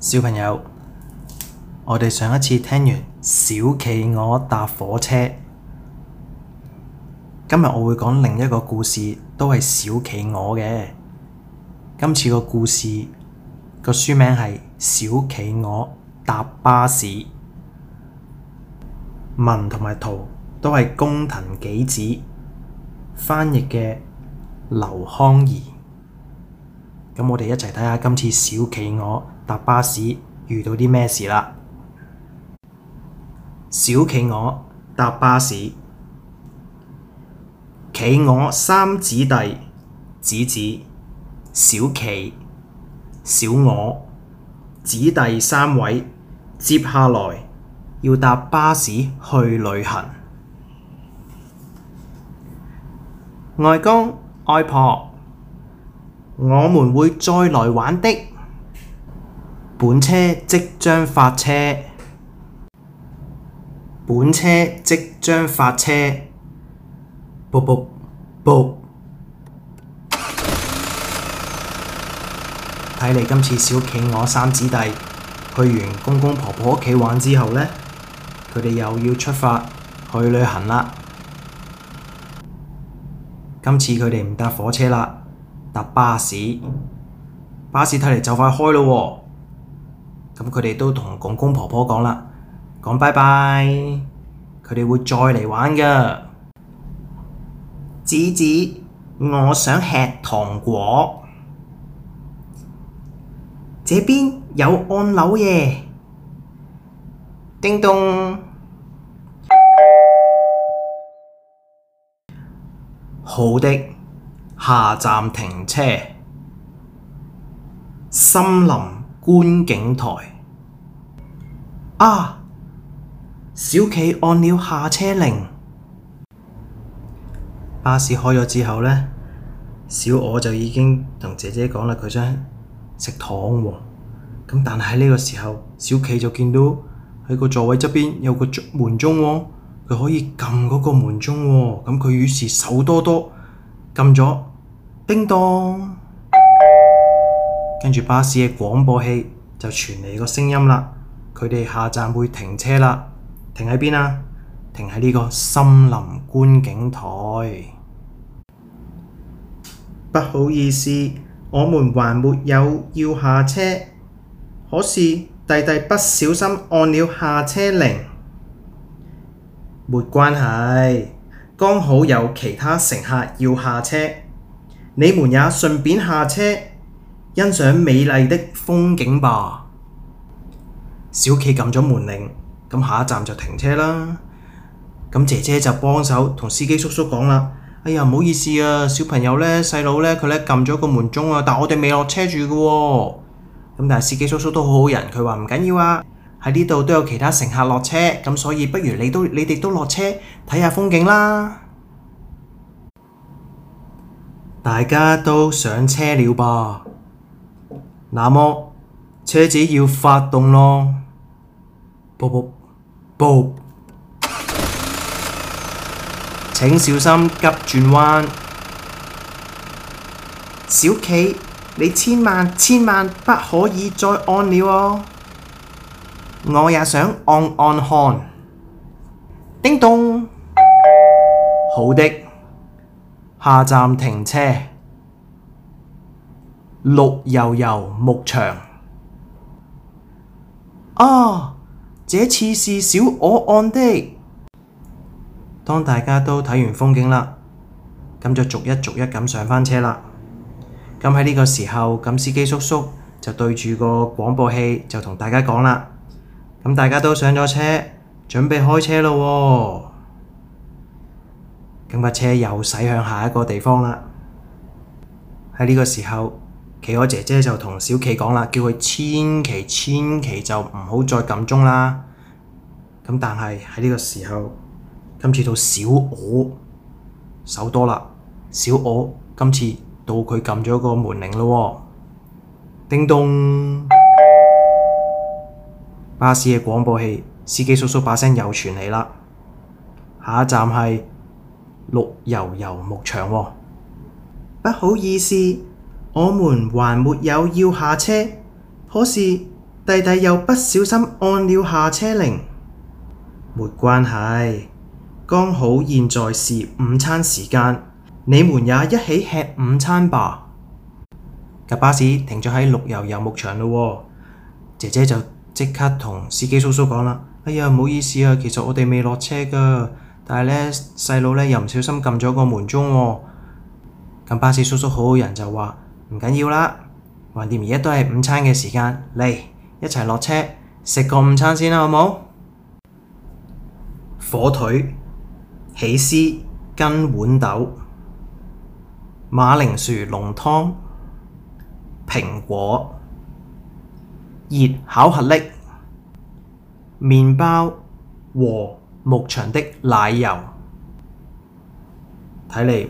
小朋友，我哋上一次聽完《小企鵝搭火車》，今日我會講另一個故事，都係小企鵝嘅。今次個故事個書名係《小企鵝搭巴士》，文同埋圖都係工藤紀子翻譯嘅，劉康儀。咁我哋一齊睇下今次小企鵝搭巴士遇到啲咩事啦！小企鵝搭巴士，企鵝三姐弟，子子小、小企、小鵝，姐弟三位，接下來要搭巴士去旅行。外公、外婆。我們會再來玩的。本車即將發車。本車即將發車。啵啵啵。睇嚟今次小企鵝三姊弟去完公公婆婆屋企玩之後呢，佢哋又要出發去旅行啦。今次佢哋唔搭火車啦。搭巴士，巴士睇嚟就快開咯。咁佢哋都同公公婆婆講啦，講拜拜，佢哋會再嚟玩噶。姊姊，我想吃糖果。這邊有按鈕耶，叮咚。好的。下站停車，森林觀景台。啊，小企按了下車鈴。巴士開咗之後呢，小我就已經同姐姐講啦，佢想食糖喎。咁但係呢個時候，小企就見到喺個座位側邊有個門鐘喎，佢可以撳嗰個門鐘喎。咁佢於是手多多撳咗。叮噹，跟住，巴士嘅廣播器就傳嚟個聲音啦。佢哋下站會停車啦，停喺邊啊？停喺呢個森林觀景台。不好意思，我們還沒有要下車，可是弟弟不小心按了下車鈴。沒關係，剛好有其他乘客要下車。你們也順便下車欣賞美麗的風景吧。小企撳咗門鈴，咁下一站就停車啦。咁姐姐就幫手同司機叔叔講喇：哎呀，唔好意思啊，小朋友呢，細佬呢，佢呢撳咗個門鐘啊，但我哋未落車住㗎喎。咁但係司機叔叔都好好人，佢話唔緊要啊，喺呢度都有其他乘客落車，咁所以不如你都你哋都落車睇下風景啦。大家都上車了吧？那麼車子要發動咯，啵啵啵，請小心急轉彎。小企，你千萬千萬不可以再按了哦。我也想按按看。叮咚，好的。下站停車，綠油油牧場。啊，這次是小我按的。當大家都睇完風景啦，咁就逐一逐一咁上返車啦。咁喺呢個時候，咁司機叔叔就對住個廣播器就同大家講啦。咁大家都上咗車，準備開車咯喎。咁架車又駛向下一個地方啦。喺呢個時候，企鵝姐姐就同小企講啦，叫佢千祈千祈就唔好再撳鐘啦。咁但係喺呢個時候，今次到小鵝手多啦。小鵝今次到佢撳咗個門鈴咯。叮咚，巴士嘅廣播器，司機叔叔把聲又傳嚟啦。下一站係。綠油油牧場，不好意思，我們還沒有要下車，可是弟弟又不小心按了下車鈴。沒關係，剛好現在是午餐時間，你們也一起吃午餐吧。架巴士停咗喺綠油油牧場咯，姐姐就即刻同司機叔叔講啦：哎呀，唔好意思啊，其實我哋未落車㗎。但係呢細佬呢，又唔小心撳咗個門鐘喎、哦。咁巴士叔叔好好人就話：唔緊要啦，橫掂而家都係午餐嘅時間，嚟一齊落車食個午餐先啦，好冇？火腿、起司、跟豌豆、馬鈴薯濃湯、蘋果、熱巧克力、麵包和。牧場的奶油，睇嚟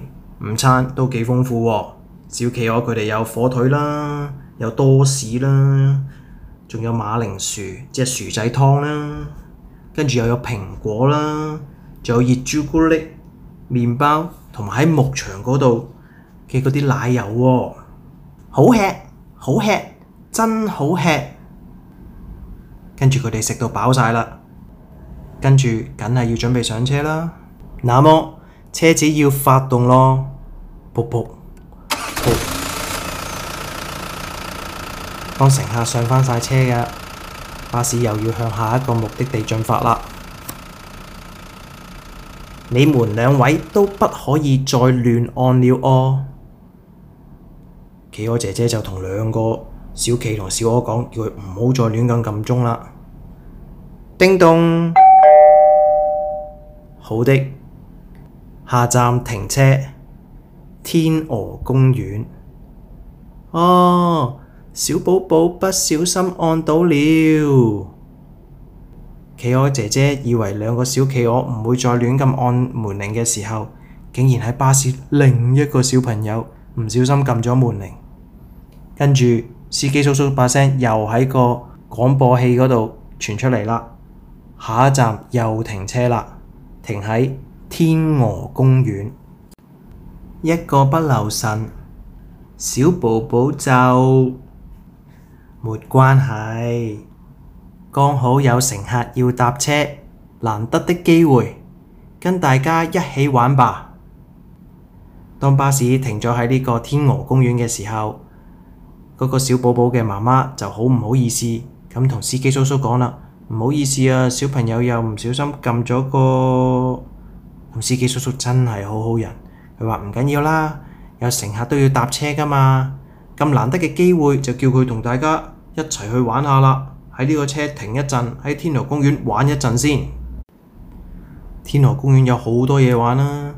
午餐都幾豐富喎。小企鵝佢哋有火腿啦，有多士啦，仲有馬鈴薯，即係薯仔湯啦，跟住又有蘋果啦，仲有熱朱古力、麵包同埋喺牧場嗰度嘅嗰啲奶油喎、哦。好吃，好吃，真好吃。跟住佢哋食到飽晒啦。跟住，梗係要準備上車啦。那麼車子要發動咯，噗噗噗，當乘客上翻晒車㗎，巴士又要向下一個目的地進發啦。你們兩位都不可以再亂按了哦。企鵝姐姐就同兩個小企同小鵝講，叫佢唔好再亂咁撳鐘啦。叮咚。好的，下站停車，天鵝公園。哦，小寶寶不小心按到了。企鵝姐姐以為兩個小企鵝唔會再亂咁按門鈴嘅時候，竟然喺巴士另一個小朋友唔小心撳咗門鈴，跟住司機叔叔把聲又喺個廣播器嗰度傳出嚟啦。下一站又停車啦。停喺天鵝公園，一個不留神，小寶寶就沒關係。剛好有乘客要搭車，難得的機會，跟大家一起玩吧。當巴士停咗喺呢個天鵝公園嘅時候，嗰個小寶寶嘅媽媽就好唔好意思咁同司機叔叔講啦。唔好意思啊，小朋友又唔小心撳咗個。司機叔叔真係好好人，佢話唔緊要啦，有乘客都要搭車㗎嘛。咁難得嘅機會就叫佢同大家一齊去玩下啦。喺呢個車停一陣，喺天河公園玩一陣先。天河公園有好多嘢玩啦，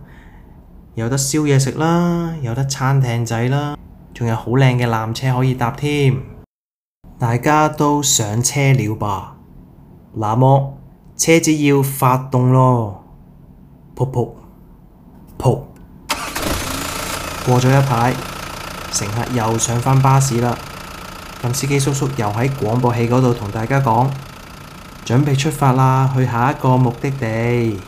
有得燒嘢食啦，有得餐廳仔啦，仲有好靚嘅纜車可以搭添。大家都上車了吧？那麼車子要發動咯，噗噗噗。過咗一排，乘客又上返巴士啦。咁司機叔叔又喺廣播器嗰度同大家講，準備出發啦，去下一個目的地。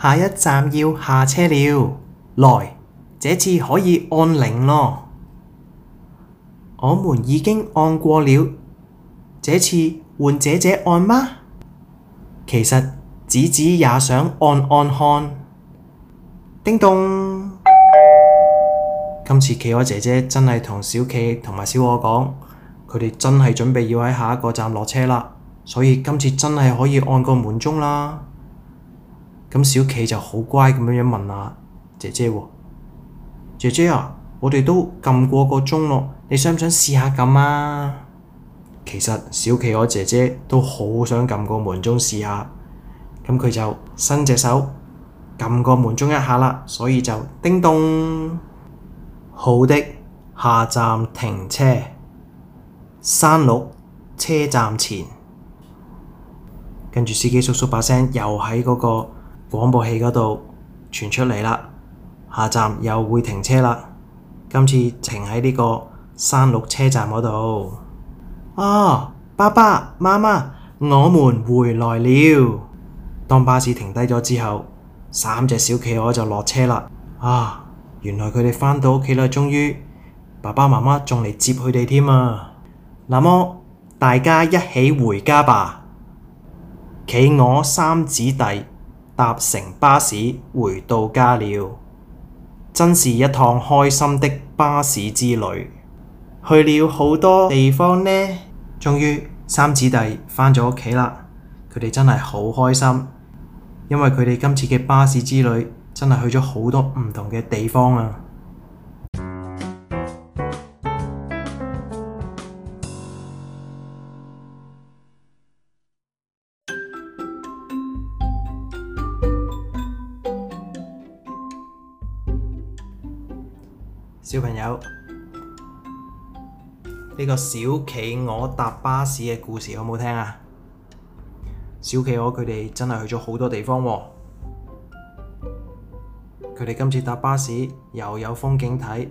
下一站要下車了，來，這次可以按鈴咯。我們已經按過了，這次。換姐姐按嗎？其實子子也想按按看。叮咚！ 今次企鵝姐姐真係同小企同埋小鵝講，佢哋真係準備要喺下一個站落車啦，所以今次真係可以按個門鐘啦。咁、嗯、小企就好乖咁樣樣問下姐姐喎，姐姐啊，我哋都撳過個鐘咯，你想唔想試下撳啊？其實小企鵝姐姐都好想撳個門鐘試下，咁佢就伸隻手撳個門鐘一下啦，所以就叮咚，好的，下站停車，山綠車站前，跟住司機叔叔把聲又喺嗰個廣播器嗰度傳出嚟啦，下站又會停車啦，今次停喺呢個山綠車站嗰度。啊！爸爸媽媽，我們回來了。當巴士停低咗之後，三隻小企鵝就落車啦。啊，原來佢哋返到屋企啦！終於，爸爸媽媽仲嚟接佢哋添啊。那麼，大家一起回家吧。企鵝三姐弟搭乘巴士回到家了，真是一趟開心的巴士之旅，去了好多地方呢。終於三姐弟返咗屋企啦！佢哋真係好開心，因為佢哋今次嘅巴士之旅真係去咗好多唔同嘅地方啊！ 小朋友。呢個小企鵝搭巴士嘅故事好唔好聽啊？小企鵝佢哋真係去咗好多地方喎，哦。佢哋今次搭巴士又有風景睇，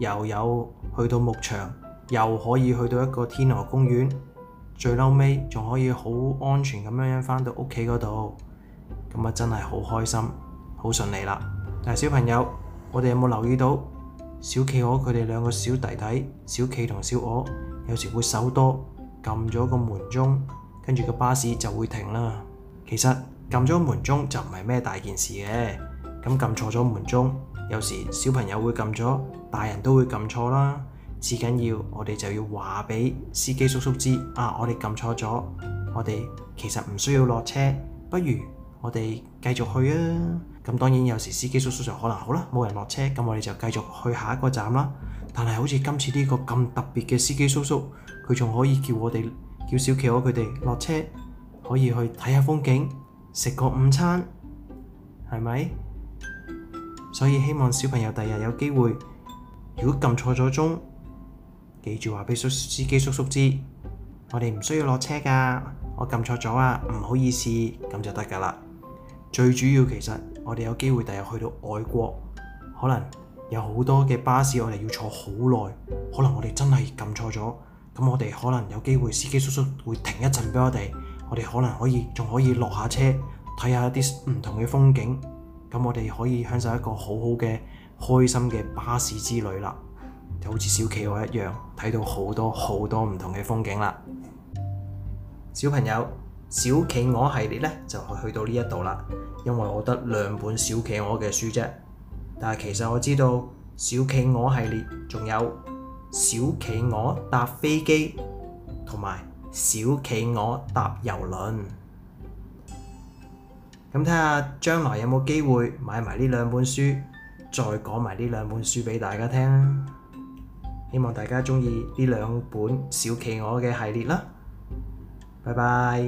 又有去到牧場，又可以去到一個天河公園，最撈尾仲可以好安全咁樣返到屋企嗰度，咁啊真係好開心，好順利啦。但係，小朋友，我哋有冇留意到？小企鵝佢哋兩個小弟弟，小企同小鵝，有時會手多，撳咗個門鐘，跟住個巴士就會停啦。其實撳咗門鐘就唔係咩大件事嘅。咁撳錯咗門鐘，有時小朋友會撳咗，大人都會撳錯啦。最緊要我哋就要話俾司機叔叔知，啊，我哋撳錯咗，我哋其實唔需要落車，不如我哋繼續去啊。咁當然有時司機叔叔就可能好啦，冇人落車，咁我哋就繼續去下一個站啦。但係好似今次呢個咁特別嘅司機叔叔，佢仲可以叫我哋叫小企鵝佢哋落車，可以去睇下風景，食個午餐，係咪？所以希望小朋友第日有機會，如果撳錯咗鐘，記住話畀司司機叔叔知，我哋唔需要落車㗎。我撳錯咗啊，唔好意思，咁就得㗎啦。最主要其實。我哋有機會第日去到外國，可能有好多嘅巴士，我哋要坐好耐。可能我哋真係撳錯咗，咁我哋可能有機會司機叔叔會停一陣俾我哋，我哋可能可以仲可以落下車睇下啲唔同嘅風景。咁我哋可以享受一個好好嘅開心嘅巴士之旅啦，就好似小企鵝一樣，睇到好多好多唔同嘅風景啦。小朋友，小企鵝系列呢，就去到呢一度啦。因為我得兩本小企鵝嘅書啫，但係其實我知道小企鵝系列仲有小企鵝搭飛機同埋小企鵝搭遊輪。咁睇下將來有冇機會買埋呢兩本書，再講埋呢兩本書俾大家聽啦。希望大家中意呢兩本小企鵝嘅系列啦。拜拜。